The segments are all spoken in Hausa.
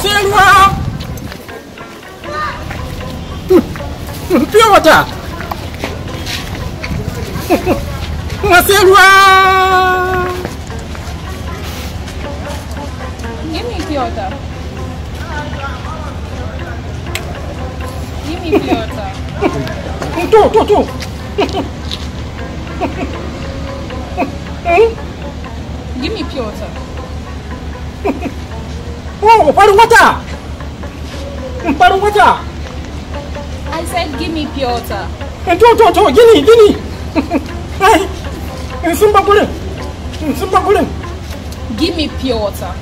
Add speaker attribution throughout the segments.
Speaker 1: segua! Piota! Una segua! Dimmi Piota! Dimmi Piota! Tu, tu, tu! Dimmi Piota! Oh, pure water! Pure water! I said, give me pure water. Don't, eh, don't, don't, Guinea, Guinea! Eh, hey! Simba Gulen! Simba Gulen! Give me pure water.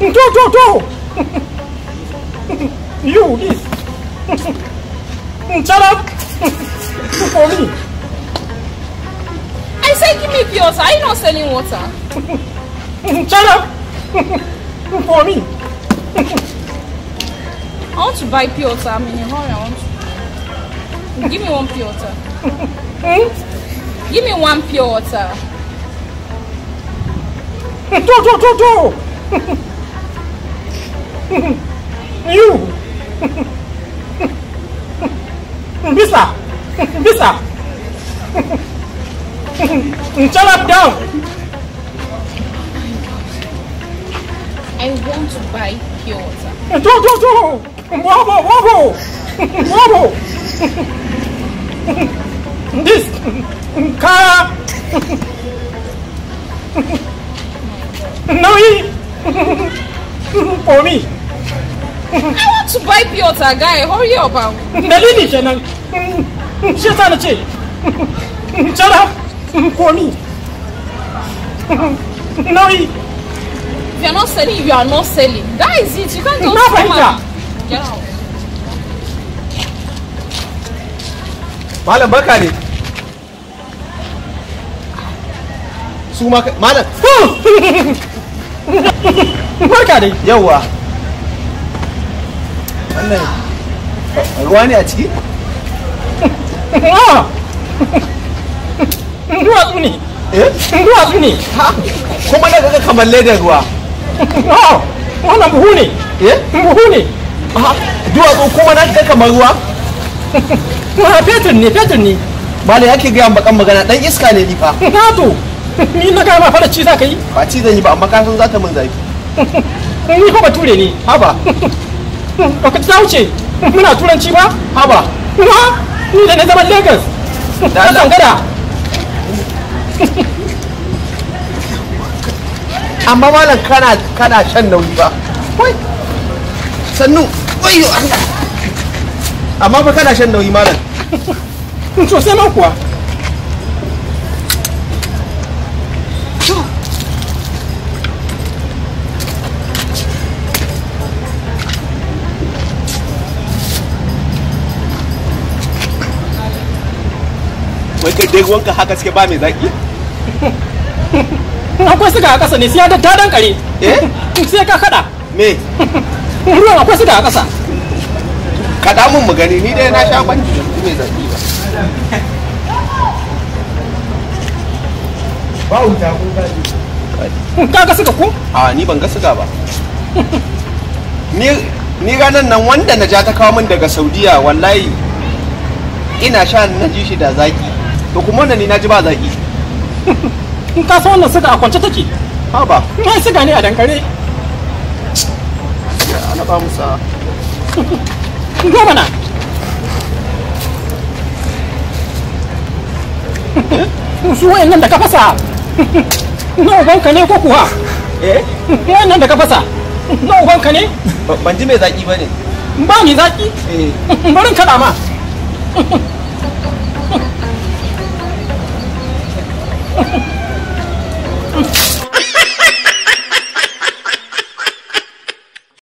Speaker 1: Don't, don't, don't! You, this! Shut up! For me! I said, give me pure water. Are you not selling water? Shut up! For me, I want to buy pure water. I'm in a hurry. I want to. Give me one pure water. Hmm? Give me one pure water. Do, do, do, do. You. Bisa. Bisa. Shut up down. I want to buy pure water. Do, do, do! wobble wobble wobble. This car! No, For me! I want to buy pure water, guy. Hurry up, out. Nalini, on the Che. Shut up! For me! No, he! If you're not selling, you are not selling. That is it. You can't go Get out. Malam baka ne. Su ma ne a ciki? Ah! Eh? ne. Eh? ne. Kuma na kamar ledar ruwa. wannan buhu ne eh? buhu ne duwatsu kuma na ga kamar ruwa fetur ne fetur ne malam yake gaya bakan magana dan iska ne ni fa na to ni na gama fara ci za ka yi ba ci zan yi ba amma ka san za ta min zafi ni ko bature ne ha ba ka ta wuce muna turanci ba ha ba. ni da na zaman lagos da gada amma malam kana kana shan nauyi ba wai sannu wayo amma ba kana shan nauyi malam so sai ma kuwa wai kai dai wanka haka suke ba mai zaki in akwai siga a ƙasa ne sai ya ta dan kare eh? sai ka kada me ruwan akwai siga a ƙasa kada mun mu gani ni dai na sha banki da kuma zaki ba ba wuta ko kaji ka ga siga ko a ni ban ga siga ba ni ni ranar nan wanda na ja ta kawo min daga saudiya wallahi ina sha na ji shi da zaki to kuma na ni na ji ba zaki in ka san wannan siga a kwance take ha ba kai siga ne a dankare ana ba musa goma su eh? wayannan da ka fasa na ubanka ne ko kuwa eh wayannan da ka fasa na ubanka ne ban ji mai zaki ba ne ba ni zaki eh barin kada ma